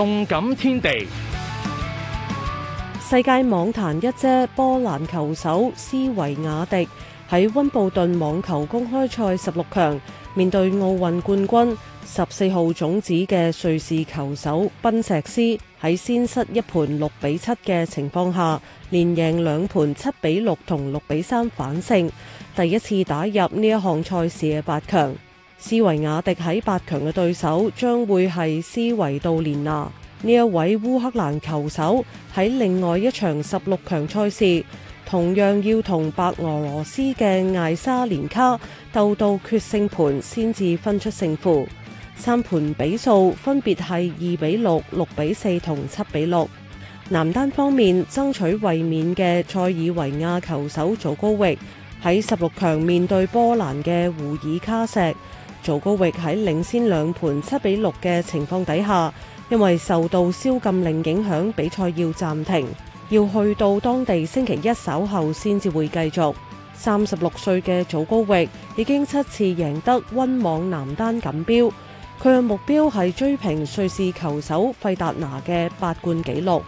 動感天地，世界網壇一姐波蘭球手施維雅迪喺溫布頓網球公開賽十六強面對奧運冠軍十四號種子嘅瑞士球手賓石斯，喺先失一盤六比七嘅情況下，連贏兩盤七比六同六比三反勝，第一次打入呢一項賽事嘅八強。施維雅迪喺八強嘅對手將會係斯維道連拿。呢一位烏克蘭球手喺另外一場十六強賽事，同樣要同白俄羅斯嘅艾沙連卡鬥到決勝盤先至分出勝負。三盤比數分別係二比六、六比四同七比六。男單方面，爭取衛冕嘅塞爾維亞球手祖高域喺十六強面對波蘭嘅胡爾卡石。祖高域喺領先兩盤七比六嘅情況底下，因為受到宵禁令影響，比賽要暫停，要去到當地星期一稍後先至會繼續。三十六歲嘅祖高域已經七次贏得溫網男單錦標，佢嘅目標係追平瑞士球手費達拿嘅八冠紀錄。